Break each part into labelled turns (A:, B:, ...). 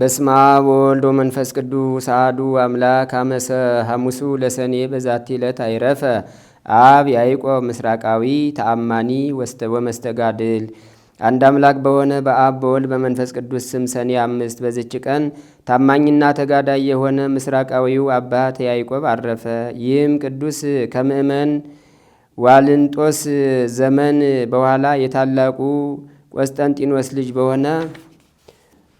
A: በስመ አብ ወወልድ ወመንፈስ ቅዱስ አሐዱ አምላክ አመሰ ሐሙሱ ለሰኔ በዛቲ ዕለት አይረፈ አብ ያዕቆብ ምስራቃዊ ተአማኒ ወመስተጋድል። አንድ አምላክ በሆነ በአብ በወልድ በመንፈስ ቅዱስ ስም ሰኔ አምስት በዚች ቀን ታማኝና ተጋዳይ የሆነ ምስራቃዊው አባት ያዕቆብ አረፈ። ይህም ቅዱስ ከምእመን ዋልንጦስ ዘመን በኋላ የታላቁ ቆስጠንጢኖስ ልጅ በሆነ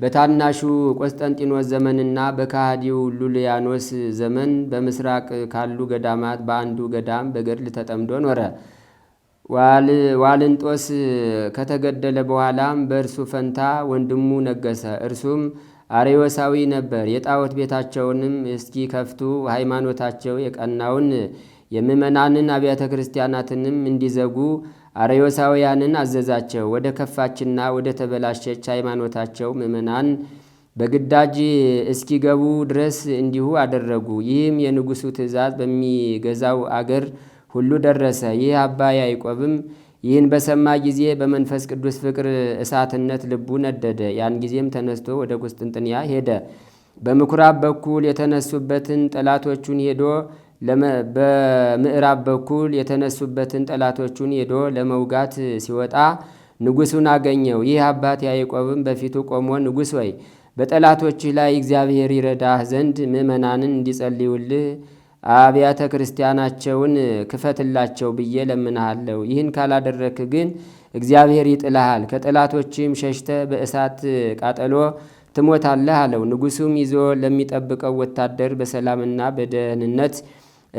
A: በታናሹ ቆስጠንጢኖስ ዘመንና በካሃዲው ሉልያኖስ ዘመን በምስራቅ ካሉ ገዳማት በአንዱ ገዳም በገድል ተጠምዶ ኖረ። ዋልንጦስ ከተገደለ በኋላም በእርሱ ፈንታ ወንድሙ ነገሰ። እርሱም አሬወሳዊ ነበር። የጣዖት ቤታቸውንም እስኪ ከፍቱ ሃይማኖታቸው የቀናውን የምእመናንን አብያተ ክርስቲያናትንም እንዲዘጉ አርዮሳውያንን አዘዛቸው። ወደ ከፋችና ወደ ተበላሸች ሃይማኖታቸው ምእመናን በግዳጅ እስኪገቡ ድረስ እንዲሁ አደረጉ። ይህም የንጉሱ ትእዛዝ በሚገዛው አገር ሁሉ ደረሰ። ይህ አባ ያዕቆብም ይህን በሰማ ጊዜ በመንፈስ ቅዱስ ፍቅር እሳትነት ልቡ ነደደ። ያን ጊዜም ተነስቶ ወደ ቁስጥንጥንያ ሄደ። በምኩራብ በኩል የተነሱበትን ጠላቶቹን ሄዶ በምዕራብ በኩል የተነሱበትን ጠላቶቹን ሄዶ ለመውጋት ሲወጣ ንጉሱን አገኘው። ይህ አባት ያዕቆብም በፊቱ ቆሞ ንጉስ ወይ በጠላቶች ላይ እግዚአብሔር ይረዳህ ዘንድ ምእመናንን እንዲጸልዩልህ አብያተ ክርስቲያናቸውን ክፈትላቸው ብዬ ለምንሃለሁ። ይህን ካላደረክ ግን እግዚአብሔር ይጥልሃል፣ ከጠላቶችም ሸሽተ በእሳት ቃጠሎ ትሞታለህ አለው። ንጉሱም ይዞ ለሚጠብቀው ወታደር በሰላምና በደህንነት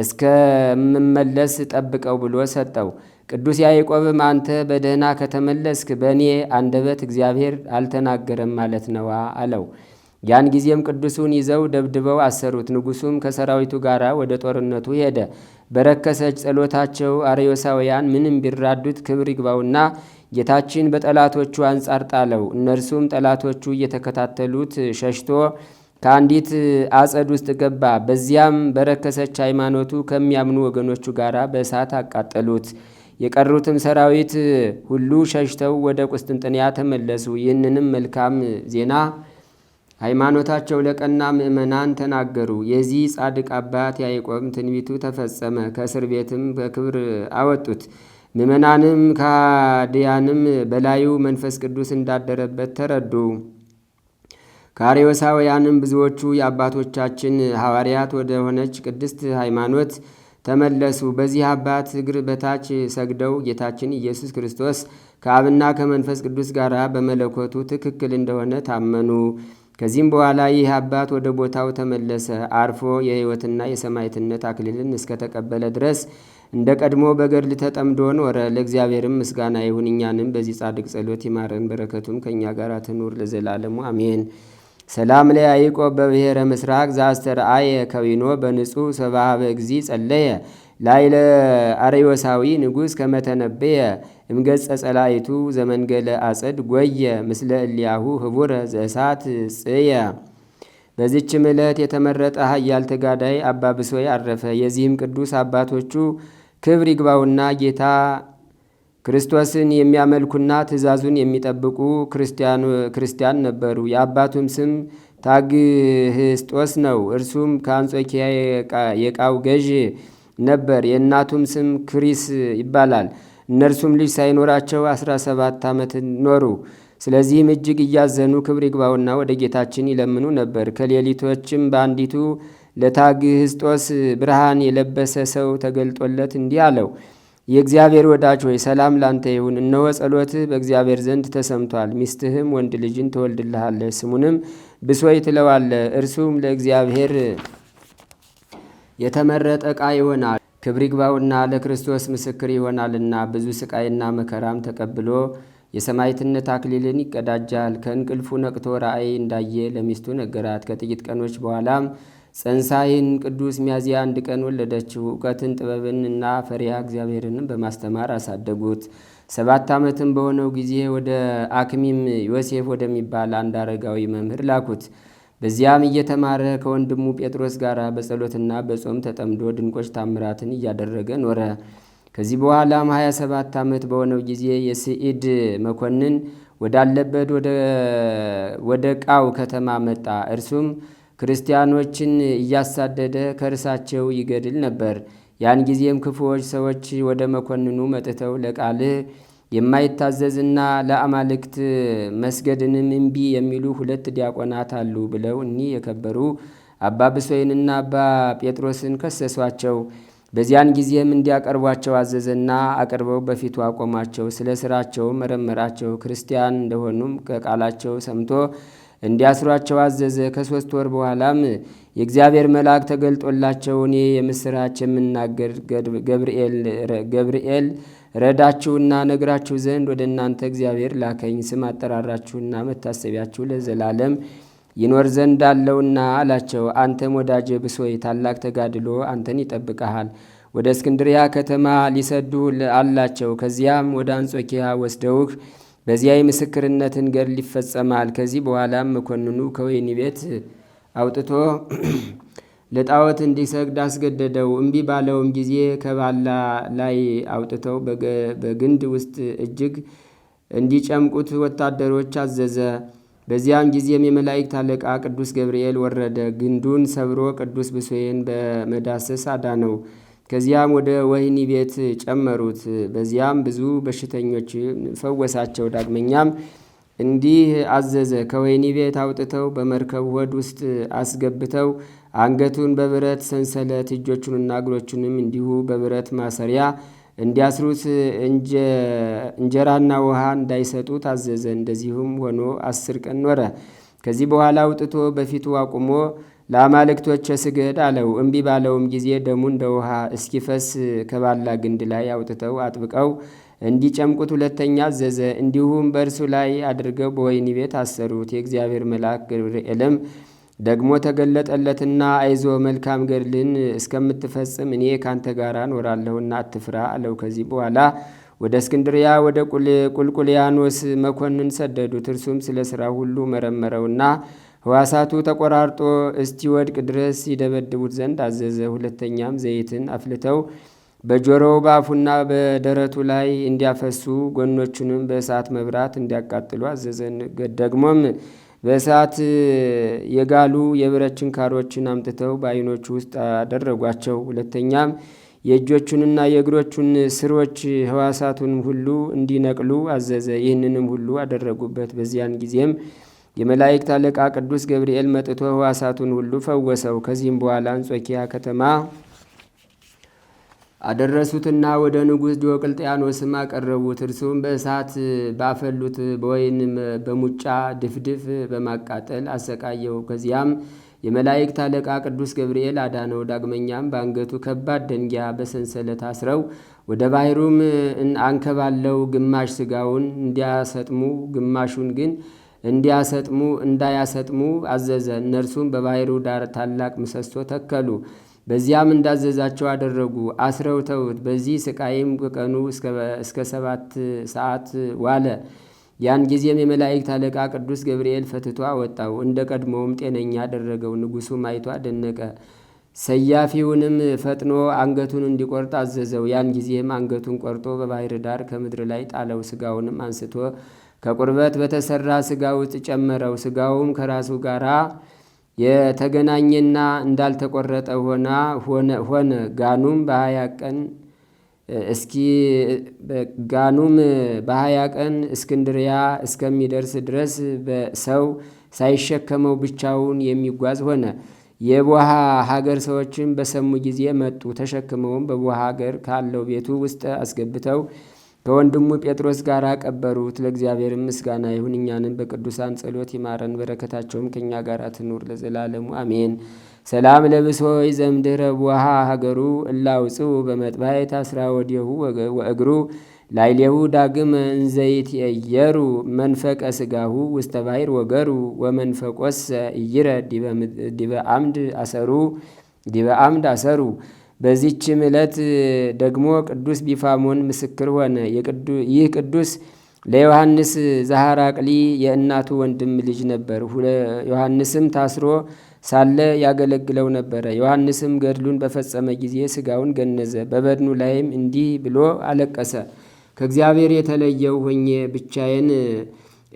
A: እስከምመለስ ጠብቀው ብሎ ሰጠው። ቅዱስ ያዕቆብም አንተ በደህና ከተመለስክ በእኔ አንደበት እግዚአብሔር አልተናገረም ማለት ነዋ አለው። ያን ጊዜም ቅዱሱን ይዘው ደብድበው አሰሩት። ንጉሱም ከሰራዊቱ ጋር ወደ ጦርነቱ ሄደ። በረከሰች ጸሎታቸው አርዮሳውያን ምንም ቢራዱት ክብር ይግባውና ጌታችን በጠላቶቹ አንጻር ጣለው። እነርሱም ጠላቶቹ እየተከታተሉት ሸሽቶ ከአንዲት አጸድ ውስጥ ገባ። በዚያም በረከሰች ሃይማኖቱ ከሚያምኑ ወገኖቹ ጋር በእሳት አቃጠሉት። የቀሩትም ሰራዊት ሁሉ ሸሽተው ወደ ቁስጥንጥንያ ተመለሱ። ይህንንም መልካም ዜና ሃይማኖታቸው ለቀና ምእመናን ተናገሩ። የዚህ ጻድቅ አባት ያዕቆብም ትንቢቱ ተፈጸመ። ከእስር ቤትም በክብር አወጡት። ምእመናንም ከሃዲያንም በላዩ መንፈስ ቅዱስ እንዳደረበት ተረዱ። ከአርዮሳውያንም ብዙዎቹ የአባቶቻችን ሐዋርያት ወደ ሆነች ቅድስት ሃይማኖት ተመለሱ። በዚህ አባት እግር በታች ሰግደው ጌታችን ኢየሱስ ክርስቶስ ከአብና ከመንፈስ ቅዱስ ጋር በመለኮቱ ትክክል እንደሆነ ታመኑ። ከዚህም በኋላ ይህ አባት ወደ ቦታው ተመለሰ። አርፎ የሕይወትና የሰማዕትነት አክሊልን እስከተቀበለ ድረስ እንደ ቀድሞ በገድል ተጠምዶ ኖረ። ለእግዚአብሔርም ምስጋና ይሁን፣ እኛንም በዚህ ጻድቅ ጸሎት ይማረን፣ በረከቱም ከእኛ ጋር ትኑር ለዘላለሙ አሜን። ሰላም ለያዕቆብ በብሔረ ምስራቅ ዘአስተርአየ ከዊኖ በንጹሕ ሰብሃበ እግዚ ጸለየ ላይለ አርዮሳዊ ንጉሥ ከመተነበየ እምገጸ ጸላይቱ ዘመንገለ አጸድ ጐየ ምስለ እልያሁ ህቡረ ዘእሳት ጽየ። በዚችም ዕለት የተመረጠ ኃያል ተጋዳይ አባ ብሶይ አረፈ። የዚህም ቅዱስ አባቶቹ ክብር ይግባውና ጌታ ክርስቶስን የሚያመልኩና ትእዛዙን የሚጠብቁ ክርስቲያን ነበሩ። የአባቱም ስም ታግህስጦስ ነው። እርሱም ከአንጾኪያ የቃው ገዥ ነበር። የእናቱም ስም ክሪስ ይባላል። እነርሱም ልጅ ሳይኖራቸው 17 ዓመት ኖሩ። ስለዚህም እጅግ እያዘኑ ክብር ይግባውና ወደ ጌታችን ይለምኑ ነበር። ከሌሊቶችም በአንዲቱ ለታግህስጦስ ብርሃን የለበሰ ሰው ተገልጦለት እንዲህ አለው የእግዚአብሔር ወዳጅ ሆይ ሰላም ላንተ ይሁን። እነሆ ጸሎትህ በእግዚአብሔር ዘንድ ተሰምቷል። ሚስትህም ወንድ ልጅን ትወልድልሃለች፣ ስሙንም ብሶይ ትለዋለህ። እርሱም ለእግዚአብሔር የተመረጠ ዕቃ ይሆናል። ክብር ይግባውና ለክርስቶስ ምስክር ይሆናልና ብዙ ስቃይና መከራም ተቀብሎ የሰማይትነት አክሊልን ይቀዳጃል። ከእንቅልፉ ነቅቶ ራእይ እንዳየ ለሚስቱ ነገራት። ከጥቂት ቀኖች በኋላም ጸንሳ ይህን ቅዱስ ሚያዝያ አንድ ቀን ወለደችው። እውቀትን ጥበብንና ፈሪያ እግዚአብሔርንም በማስተማር አሳደጉት። ሰባት ዓመትም በሆነው ጊዜ ወደ አክሚም ዮሴፍ ወደሚባል አንድ አረጋዊ መምህር ላኩት። በዚያም እየተማረ ከወንድሙ ጴጥሮስ ጋር በጸሎትና በጾም ተጠምዶ ድንቆች ታምራትን እያደረገ ኖረ። ከዚህ በኋላም 27 ዓመት በሆነው ጊዜ የስዒድ መኮንን ወዳለበት ወደ ቃው ከተማ መጣ። እርሱም ክርስቲያኖችን እያሳደደ ከርሳቸው ይገድል ነበር። ያን ጊዜም ክፉዎች ሰዎች ወደ መኮንኑ መጥተው ለቃልህ የማይታዘዝና ለአማልክት መስገድንም እምቢ የሚሉ ሁለት ዲያቆናት አሉ ብለው እኒህ የከበሩ አባ ብሶይንና አባ ጴጥሮስን ከሰሷቸው። በዚያን ጊዜም እንዲያቀርቧቸው አዘዘና አቅርበው በፊቱ አቆማቸው። ስለ ስራቸው መረመራቸው። ክርስቲያን እንደሆኑም ከቃላቸው ሰምቶ እንዲያስሯቸው አዘዘ። ከሶስት ወር በኋላም የእግዚአብሔር መልአክ ተገልጦላቸው እኔ የምስራች የምናገር ገብርኤል ረዳችሁና ነግራችሁ ዘንድ ወደ እናንተ እግዚአብሔር ላከኝ። ስም አጠራራችሁና መታሰቢያችሁ ለዘላለም ይኖር ዘንድ አለውና አላቸው። አንተም ወዳጄ ብሶይ ታላቅ ተጋድሎ አንተን ይጠብቀሃል። ወደ እስክንድሪያ ከተማ ሊሰዱ አላቸው። ከዚያም ወደ አንጾኪያ ወስደውህ በዚያ የምስክርነትን ገድል ይፈጸማል። ከዚህ በኋላም መኮንኑ ከወይኒ ቤት አውጥቶ ለጣዖት እንዲሰግድ አስገደደው። እምቢ ባለውም ጊዜ ከባላ ላይ አውጥተው በግንድ ውስጥ እጅግ እንዲጨምቁት ወታደሮች አዘዘ። በዚያም ጊዜም የመላእክት አለቃ ቅዱስ ገብርኤል ወረደ። ግንዱን ሰብሮ ቅዱስ ብሶዬን በመዳሰስ አዳነው። ከዚያም ወደ ወህኒ ቤት ጨመሩት። በዚያም ብዙ በሽተኞች ፈወሳቸው። ዳግመኛም እንዲህ አዘዘ። ከወህኒ ቤት አውጥተው በመርከብ ሆድ ውስጥ አስገብተው አንገቱን በብረት ሰንሰለት እጆቹንና እግሮቹንም እንዲሁ በብረት ማሰሪያ እንዲያስሩት እንጀራና ውሃ እንዳይሰጡት አዘዘ። እንደዚሁም ሆኖ አስር ቀን ኖረ። ከዚህ በኋላ አውጥቶ በፊቱ አቁሞ ለአማልክቶች ስገድ አለው። እምቢ ባለውም ጊዜ ደሙ እንደ ውሃ እስኪፈስ ከባላ ግንድ ላይ አውጥተው አጥብቀው እንዲጨምቁት ሁለተኛ አዘዘ። እንዲሁም በእርሱ ላይ አድርገው በወይኒ ቤት አሰሩት። የእግዚአብሔር መልአክ ገብርኤልም ደግሞ ተገለጠለትና አይዞ መልካም ገድልን እስከምትፈጽም እኔ ካንተ ጋር እኖራለሁና አትፍራ አለው። ከዚህ በኋላ ወደ እስክንድሪያ ወደ ቁልቁልያኖስ መኮንን ሰደዱት። እርሱም ስለ ስራ ሁሉ መረመረውና ሕዋሳቱ ተቆራርጦ እስቲወድቅ ድረስ ይደበድቡት ዘንድ አዘዘ። ሁለተኛም ዘይትን አፍልተው በጆሮው በአፉና በደረቱ ላይ እንዲያፈሱ ጎኖቹንም በእሳት መብራት እንዲያቃጥሉ አዘዘ። ደግሞም በእሳት የጋሉ የብረት ችንካሮችን አምጥተው በዓይኖቹ ውስጥ አደረጓቸው። ሁለተኛም የእጆቹንና የእግሮቹን ስሮች ሕዋሳቱን ሁሉ እንዲነቅሉ አዘዘ። ይህንንም ሁሉ አደረጉበት። በዚያን ጊዜም የመላእክት አለቃ ቅዱስ ገብርኤል መጥቶ ሕዋሳቱን ሁሉ ፈወሰው። ከዚህም በኋላ አንጾኪያ ከተማ አደረሱትና ወደ ንጉሥ ዲዮቅልጥያኖስም አቀረቡት። እርሱም በእሳት ባፈሉት በወይን በሙጫ ድፍድፍ በማቃጠል አሰቃየው። ከዚያም የመላእክት አለቃ ቅዱስ ገብርኤል አዳነው። ዳግመኛም በአንገቱ ከባድ ደንጊያ በሰንሰለት አስረው ወደ ባሕሩም አንከባለው ግማሽ ስጋውን እንዲያሰጥሙ ግማሹን ግን እንዲያሰጥሙ እንዳያሰጥሙ አዘዘ። እነርሱም በባሕሩ ዳር ታላቅ ምሰሶ ተከሉ። በዚያም እንዳዘዛቸው አደረጉ። አስረው ተውት። በዚህ ስቃይም በቀኑ እስከ ሰባት ሰዓት ዋለ። ያን ጊዜም የመላእክት አለቃ ቅዱስ ገብርኤል ፈትቶ አወጣው፣ እንደ ቀድሞውም ጤነኛ አደረገው። ንጉሱም አይቶ አደነቀ። ሰያፊውንም ፈጥኖ አንገቱን እንዲቆርጥ አዘዘው። ያን ጊዜም አንገቱን ቆርጦ በባህር ዳር ከምድር ላይ ጣለው። ስጋውንም አንስቶ ከቁርበት በተሰራ ስጋ ውስጥ ጨመረው። ስጋውም ከራሱ ጋራ የተገናኘና እንዳልተቆረጠ ሆና ሆነ። ጋኑም በሀያ ቀን እስኪ ጋኑም በሀያ ቀን እስክንድሪያ እስከሚደርስ ድረስ ሰው ሳይሸከመው ብቻውን የሚጓዝ ሆነ። የቦሃ ሀገር ሰዎችም በሰሙ ጊዜ መጡ። ተሸክመውም በቦሃ ሀገር ካለው ቤቱ ውስጥ አስገብተው ከወንድሙ ጴጥሮስ ጋር ቀበሩት። ለእግዚአብሔር ምስጋና ይሁን፣ እኛንም በቅዱሳን ጸሎት ይማረን፣ በረከታቸውም ከእኛ ጋር ትኑር ለዘላለሙ አሜን። ሰላም ለብሶይ ዘምድረ ውሃ ሀገሩ እላውፅው በመጥባይ ታስራ ወዲሁ ወእግሩ ላይሌሁ ዳግም እንዘይት የየሩ መንፈቀ ስጋሁ ውስተ ባሕር ወገሩ ወመንፈቆስ እይረ ዲበ አምድ አሰሩ ዲበ አምድ አሰሩ በዚችም ዕለት ደግሞ ቅዱስ ቢፋሞን ምስክር ሆነ። ይህ ቅዱስ ለዮሐንስ ዘሐራቅሊ የእናቱ ወንድም ልጅ ነበር። ዮሐንስም ታስሮ ሳለ ያገለግለው ነበረ። ዮሐንስም ገድሉን በፈጸመ ጊዜ ስጋውን ገነዘ። በበድኑ ላይም እንዲህ ብሎ አለቀሰ። ከእግዚአብሔር የተለየው ሆኜ ብቻዬን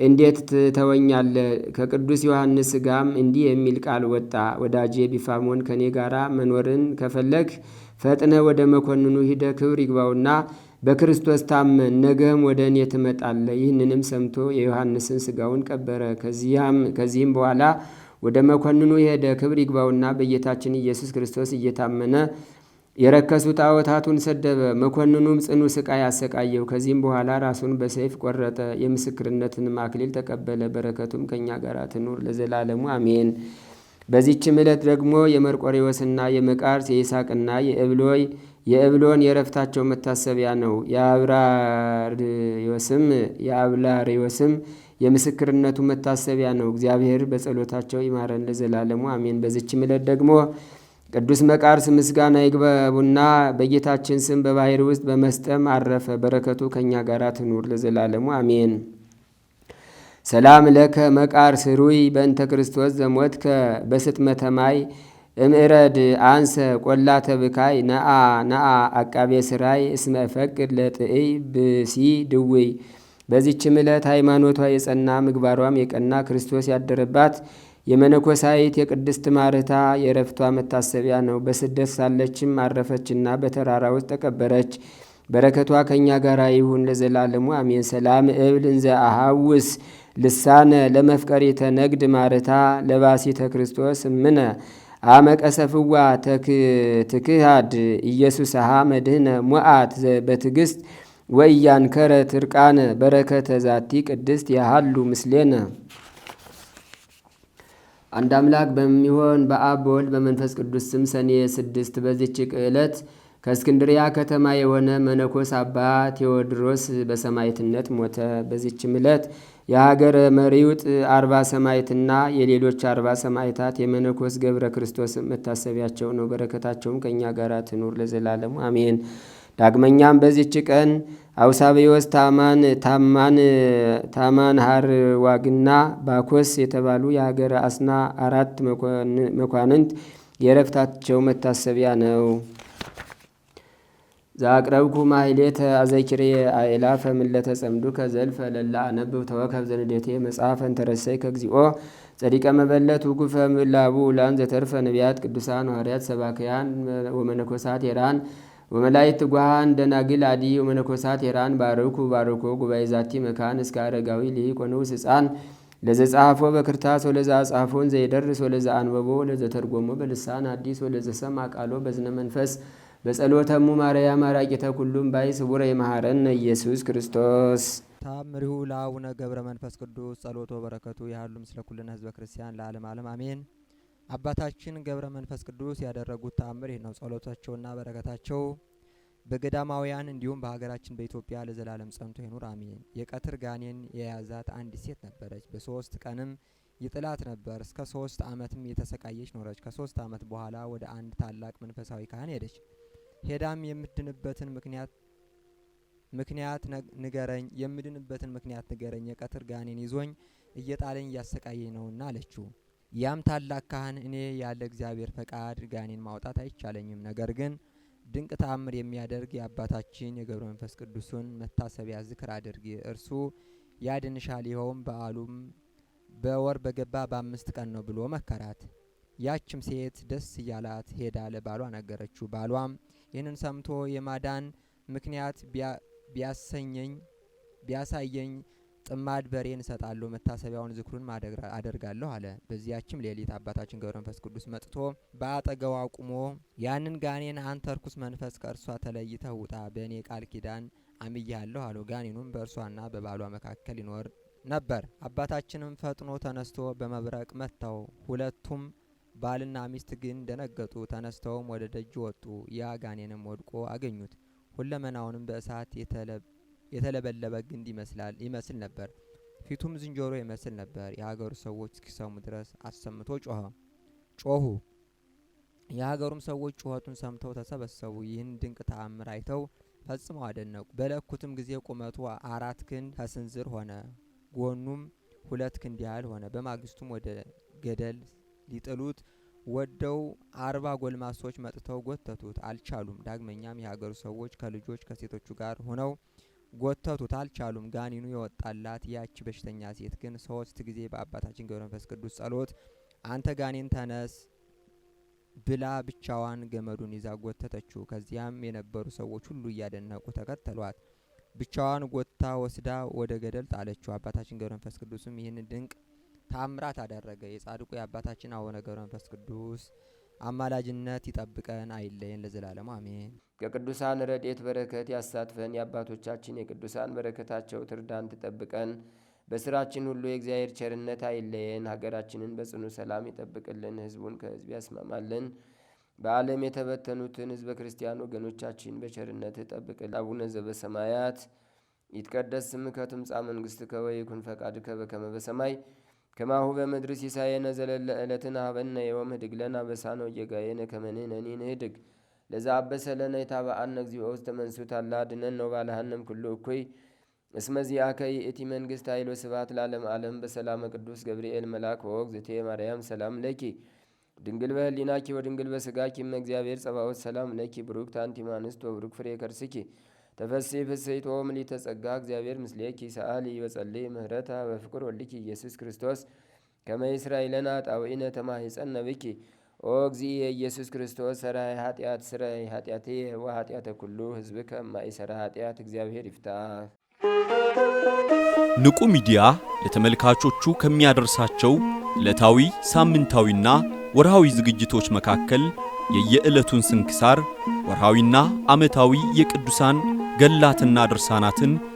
A: እንዴት ትተወኛለ ከቅዱስ ዮሐንስ ጋም እንዲህ የሚል ቃል ወጣ። ወዳጄ ቢፋሞን ከእኔ ጋር መኖርን ከፈለግ ፈጥነ ወደ መኮንኑ ሂደ ክብር ይግባውና በክርስቶስ ታመን፣ ነገም ወደ እኔ ትመጣለ ይህንንም ሰምቶ የዮሐንስን ስጋውን ቀበረ። ከዚህም በኋላ ወደ መኮንኑ ሄደ። ክብር ይግባውና በጌታችን ኢየሱስ ክርስቶስ እየታመነ የረከሱ ጣዖታቱን ሰደበ። መኮንኑም ጽኑ ስቃይ አሰቃየው። ከዚህም በኋላ ራሱን በሰይፍ ቆረጠ። የምስክርነትንም አክሊል ተቀበለ። በረከቱም ከእኛ ጋር ትኑር ለዘላለሙ አሜን። በዚችም ዕለት ደግሞ የመርቆሬዎስና የመቃርስ የይሳቅና የእብሎይ የእብሎን የረፍታቸው መታሰቢያ ነው። የአብራሪዎስም የአብላሪዎስም የምስክርነቱ መታሰቢያ ነው። እግዚአብሔር በጸሎታቸው ይማረን ለዘላለሙ አሜን። በዚችም ዕለት ደግሞ ቅዱስ መቃርስ ምስጋና ይግበቡና በጌታችን ስም በባህር ውስጥ በመስጠም አረፈ። በረከቱ ከእኛ ጋር ትኑር ለዘላለሙ አሜን። ሰላም ለከ መቃርስ ሩይ በእንተ ክርስቶስ ዘሞትከ በስጥመተ ማይ እምእረድ አንሰ ቆላ ተብካይ ነአ ነአ አቃቤ ስራይ እስመ ፈቅድ ለጥእይ ብሲ ድውይ። በዚችም ዕለት ሃይማኖቷ የጸና ምግባሯም የቀና ክርስቶስ ያደረባት የመነኮሳይት የቅድስት ማርታ የእረፍቷ መታሰቢያ ነው። በስደት ሳለችም አረፈችና በተራራ ውስጥ ተቀበረች። በረከቷ ከእኛ ጋር ይሁን ለዘላለሙ አሜን። ሰላም እብል እንዘ አሃውስ ልሳነ ለመፍቀር የተነግድ ማርታ ለባሲተ ክርስቶስ ምነ አመቀሰፍዋ ትክሃድ ኢየሱስ ሃ መድህነ ሙአት በትግስት ወእያንከረ ትርቃነ በረከተ ዛቲ ቅድስት ያሃሉ ምስሌነ አንድ አምላክ በሚሆን በአብ በወልድ በመንፈስ ቅዱስ ስም ሰኔ ስድስት በዚች ዕለት ከእስክንድሪያ ከተማ የሆነ መነኮስ አባ ቴዎድሮስ በሰማይትነት ሞተ። በዚችም ዕለት የሀገር መሪውጥ አርባ ሰማይትና የሌሎች አርባ ሰማይታት የመነኮስ ገብረ ክርስቶስ መታሰቢያቸው ነው። በረከታቸውም ከእኛ ጋር ትኑር ለዘላለሙ አሜን። ዳግመኛም በዚች ቀን አውሳብዮስ ታማን ታማን ታማን ሀር ዋግና ባኮስ የተባሉ የሀገር አስና አራት መኳንንት የረፍታቸው መታሰቢያ ነው። ዛቅረብኩ ማይሌተ አዘኪሬ አእላፈ ምለተ ጸምዱ ከዘልፈ ለላ አነብብ ተወከብ ዘንዴቴ መጽሐፈን ተረሰይ ከግዚኦ ጸዲቀ መበለት ውጉፈ ምላቡ ላን ዘተርፈ ነቢያት ቅዱሳን ሐዋርያት ሰባክያን ወመነኮሳት የራን ወመላእክት ጓሃን ደናግል አዲ ወመነኮሳት ሄራን ባርኩ ባርኮ ጉባኤ ዛቲ መካን እስከ አረጋዊ ሊቆኖስ ሕፃን ለዘጻፎ በክርታስ ወለዛ ጻፎን ዘይደርስ ወለዛ አንበቦ ወለዘ ተርጎሞ በልሳን አዲስ ወለዘ ሰማ ቃሎ በዝነ መንፈስ በጸሎተሙ ማርያም ማራቂተ ኩሉም ባይ ስቡረ የመሐረነ ኢየሱስ ክርስቶስ ታምሪሁ ለአቡነ ገብረ መንፈስ ቅዱስ ጸሎቶ በረከቱ ያህሉ ምስለ ኩልነ ህዝበ ክርስቲያን ለዓለም ዓለም አሜን። አባታችን ገብረ መንፈስ ቅዱስ ያደረጉት ተአምር ይህ ነው። ጸሎታቸውና በረከታቸው በገዳማውያን እንዲሁም በሀገራችን በኢትዮጵያ ለዘላለም ጸንቶ ይኑር አሜን። የቀትር ጋኔን የያዛት አንዲት ሴት ነበረች። በሶስት ቀንም ይጥላት ነበር። እስከ ሶስት ዓመትም የተሰቃየች ኖረች። ከሶስት ዓመት በኋላ ወደ አንድ ታላቅ መንፈሳዊ ካህን ሄደች። ሄዳም የምድንበትን ምክንያት ምክንያት ንገረኝ፣ የምድንበትን ምክንያት ንገረኝ፣ የቀትር ጋኔን ይዞኝ እየጣለኝ እያሰቃየኝ ነውና አለችው። ያም ታላቅ ካህን እኔ ያለ እግዚአብሔር ፈቃድ ጋኔን ማውጣት አይቻለኝም፣ ነገር ግን ድንቅ ተአምር የሚያደርግ የአባታችን የገብረ መንፈስ ቅዱሱን መታሰቢያ ዝክር አድርጊ፣ እርሱ ያድንሻል፣ ይኸውም በዓሉም በወር በገባ በአምስት ቀን ነው ብሎ መከራት። ያችም ሴት ደስ እያላት ሄዳ ለባሏ ነገረችው። ባሏም ይህንን ሰምቶ የማዳን ምክንያት ቢያሰኘኝ ቢያሳየኝ ጥማድ በሬን እሰጣለሁ፣ መታሰቢያውን ዝክሩን አደርጋለሁ አለ። በዚያችም ሌሊት አባታችን ገብረ መንፈስ ቅዱስ መጥቶ በአጠገቡ አቁሞ ያንን ጋኔን አንተ ርኩስ መንፈስ ከእርሷ ተለይተ ውጣ፣ በእኔ ቃል ኪዳን አምያለሁ አለው። ጋኔኑም በእርሷና በባሏ መካከል ይኖር ነበር። አባታችንም ፈጥኖ ተነስቶ በመብረቅ መታው። ሁለቱም ባልና ሚስት ግን ደነገጡ። ተነስተውም ወደ ደጅ ወጡ። ያ ጋኔንም ወድቆ አገኙት። ሁለመናውንም በእሳት የተለብ የተለበለበ ግንድ ይመስላል ይመስል ነበር። ፊቱም ዝንጀሮ ይመስል ነበር። የሀገሩ ሰዎች እስኪሰሙ ድረስ አሰምቶ ጮኸ ጮሁ። የሀገሩም ሰዎች ጩኸቱን ሰምተው ተሰበሰቡ። ይህን ድንቅ ተአምር አይተው ፈጽመው አደነቁ። በለኩትም ጊዜ ቁመቱ አራት ክንድ ከስንዝር ሆነ፣ ጎኑም ሁለት ክንድ ያህል ሆነ። በማግስቱም ወደ ገደል ሊጥሉት ወደው አርባ ጎልማሶች መጥተው ጎተቱት፣ አልቻሉም። ዳግመኛም የሀገሩ ሰዎች ከልጆች ከሴቶቹ ጋር ሆነው ጎተቱት፣ አልቻሉም። ጋኒኑ የወጣላት ያቺ በሽተኛ ሴት ግን ሶስት ጊዜ በአባታችን ገብረ መንፈስ ቅዱስ ጸሎት አንተ ጋኔን ተነስ ብላ ብቻዋን ገመዱን ይዛ ጎተተችው። ከዚያም የነበሩ ሰዎች ሁሉ እያደነቁ ተከተሏት። ብቻዋን ጎታ ወስዳ ወደ ገደል ጣለችው። አባታችን ገብረ መንፈስ ቅዱስም ይህን ድንቅ ታምራት አደረገ። የጻድቁ የአባታችን አቡነ ገብረ መንፈስ ቅዱስ አማላጅነት ይጠብቀን አይለየን፣ ለዘላለሙ አሜን። ከቅዱሳን ረድኤት በረከት ያሳትፈን። የአባቶቻችን የቅዱሳን በረከታቸው ትርዳን፣ ትጠብቀን። በስራችን ሁሉ የእግዚአብሔር ቸርነት አይለየን። ሀገራችንን በጽኑ ሰላም ይጠብቅልን፣ ህዝቡን ከህዝብ ያስማማልን። በዓለም የተበተኑትን ህዝበ ክርስቲያን ወገኖቻችን በቸርነት ጠብቅልን። አቡነ ዘበሰማያት ይትቀደስ ስምከ ትምጻእ መንግሥትከ ወይኩን ፈቃድከ በከመ በሰማይ ከማሁ በምድር ሲሳየነ ዘለለ ዕለትነ ሀበነ ዮም ህድግ ለነ አበሳነ ወጌጋየነ ከመ ንሕነኒ ንህድግ ለዛ አበሰለነ የታበአነ እግዚኦ ውስጥ መንሱት አላ ድነን ነው ባልሃንም ኩሉ እኩይ እስመዚያ ከይ እቲ መንግስት ኃይሎ ስብሐት ለዓለም ዓለም በሰላመ ቅዱስ ገብርኤል መልአክ ወእግዝእቴ ማርያም ሰላም ለኪ ድንግል በህሊናኪ ወድንግል በስጋኪ እመ እግዚአብሔር ጸባኦት ሰላም ለኪ ብሩክ አንቲ እምአንስት ወብሩክ ፍሬ ከርስኪ ተፈሴ ፍሴቶ ምልዕተ ተጸጋ እግዚአብሔር ምስሌኪ ሰአሊ ወጸልይ ምህረታ በፍቅር ወልኪ ኢየሱስ ክርስቶስ ከመ ይስራይ ለነ ጣውዒነ ተማሂፀነ ብኪ ኦ እግዚእ ኢየሱስ ክርስቶስ ሰራይ ኃጢአት ስራይ ኃጢአቴ ወኃጢአተ ኩሉ ህዝብ ከማይሰራ ኃጢአት እግዚአብሔር ይፍታ።
B: ንቁ ሚዲያ ለተመልካቾቹ ከሚያደርሳቸው ዕለታዊ ሳምንታዊና ወርሃዊ ዝግጅቶች መካከል የየዕለቱን ስንክሳር ወርሃዊና ዓመታዊ የቅዱሳን ገላትና ድርሳናትን